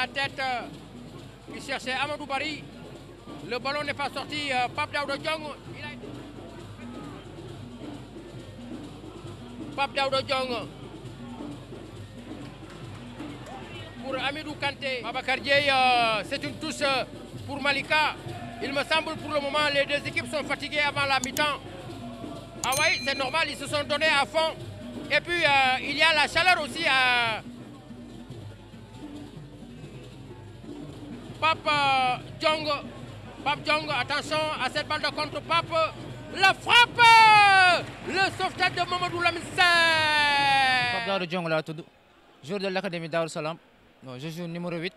la tête qui euh, cherchait Amadou Bari. Le ballon n'est pas sorti. Euh, Pape Daouda Il Pape Pour Amidou Kanté. Babacar euh, c'est une touche pour Malika. Il me semble pour le moment les deux équipes sont fatiguées avant la mi-temps. Ah oui, c'est normal, ils se sont donnés à fond. Et puis il y a la chaleur aussi à. Papa Django, attention à cette balle de contre Pape. La frappe Le sauvetage de Mamadou Lamissin Pape Django là, tout. Jour de l'Académie d'Arsalam, Salam. je joue numéro 8.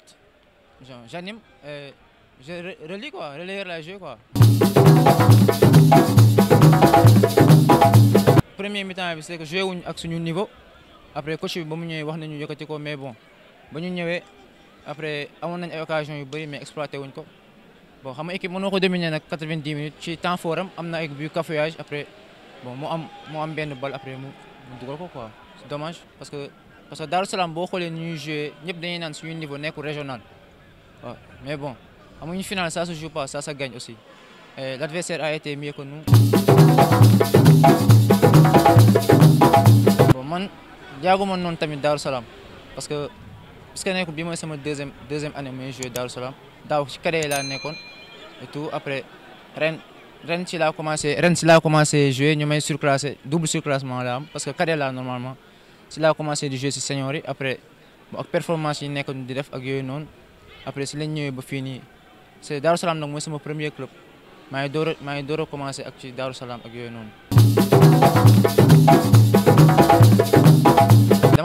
J'anime. je relis, quoi. la jeu, quoi. Premier mi-temps, c'est que je joue avec ce niveau. Après, coach, il m'a dit mais bon après amon nañ ay occasion yu bari mais exploité wuñ ko bon xam nga équipe mënoo ko dominer nak 90 minutes ci temps fort am am na ay but cafouillage après bon mo am mo am benn bal après mo mu dugal ko quoi c'est dommage parce que parce que Dar Salam bo xolé ñuy jouer ñep dañuy naan suñu niveau nek régional waaw mais bon une finale ça se joue pas ça ça gagne aussi et l'adversaire a été mieux que nous. bon man jaaguma non tamit Dar Salam parce que parce que nekk bi mooy sama deuxième deuxième année muy joué Darou Salam daaw ci cadets yi laa nekkoon et tout après ren ren ci laa commencé ren ci laa commencé jouer, ñu may surclassé double surclassement là. parce que cadet normalement ci a commencé di jouer c'est senior après ak performance il nekkoon di def ak yooyu après si lañ ñëwee ba fii nii c'est Darou Salam nag mooy sama premier club mais ngi mais a maa ngi door commencé ak ci Salam ak yooyu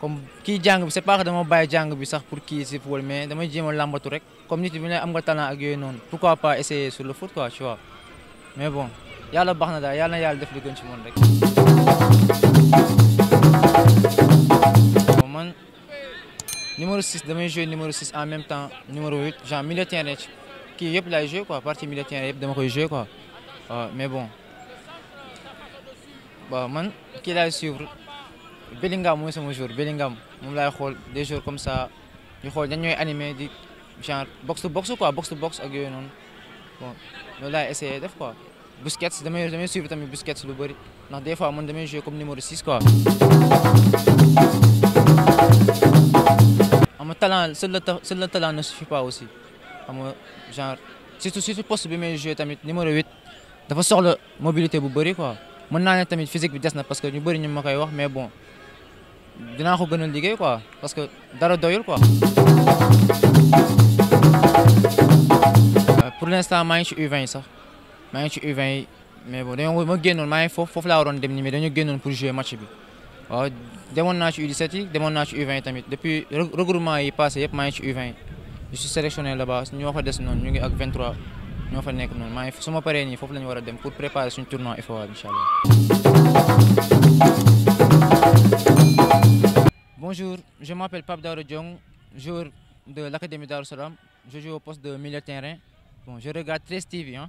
comme kii jàng bi c'est pas que dama bàyyi jàng bi sax pour kii si football mais damay jéem a làmbatu rek comme ni bi ne am nga talent ak yooyu noonu pourquoi pas essayer sur le foot quoi tu vois mais bon yàlla baax na daal yàlla na yàlla def li ci moom rek. man numéro 6 damay jouer numéro 6 en même temps numéro 8 genre milieu terrain ki yëpp laay jouer quoi partie milieu terrain yëpp dama koy jouer quoi mais bon man kii laay suivre. Bellingham mooy sama jour Bellingham moom laay xool des jours comme ça ñu xool dañ ñooy animé di genre box to box quoi box to box ak yooyu noonu bon loolu laay essayé def quoi Busquets damay damay suivre tamit Busquets lu bëri ndax des fois man damay jouer comme numéro 6 quoi. ama talent seul le seul le talent ne suffit pas aussi ama genre surtout surtout poste bi may jouer tamit numéro 8 dafa soxla mobilité bu bëri quoi. mën naa ne tamit physique bi des na parce que ñu bëri ñu ma koy wax mais bon dinaa ko gën a liggéey quoi parce que dara doyul quoi. Euh, pour l'instant maa ngi ci U20 sax maa ngi ci U20 mais bon dañoo ma génnoon maa ngi foofu foofu laa waroon dem ni mais dañoo génnoon pour jouer match bi waaw demoon naa ci U17 yi demoon naa ci U20 tamit depuis regroupement yi passé yëpp maa ngi ci U20 je suis sélectionné là-bas ñoo fa des noonu ñu ngi ak 23 ñoo fa nekk noonu maa ngi su ma paree nii foofu la ñu dem pour préparer suñu tournoi FOA incha Bonjour, je m'appelle Pape Daouro Diong, joueur de l'Académie Darou Salam. Je joue au poste de milieu de terrain. Bon, je regarde très TV. Hein.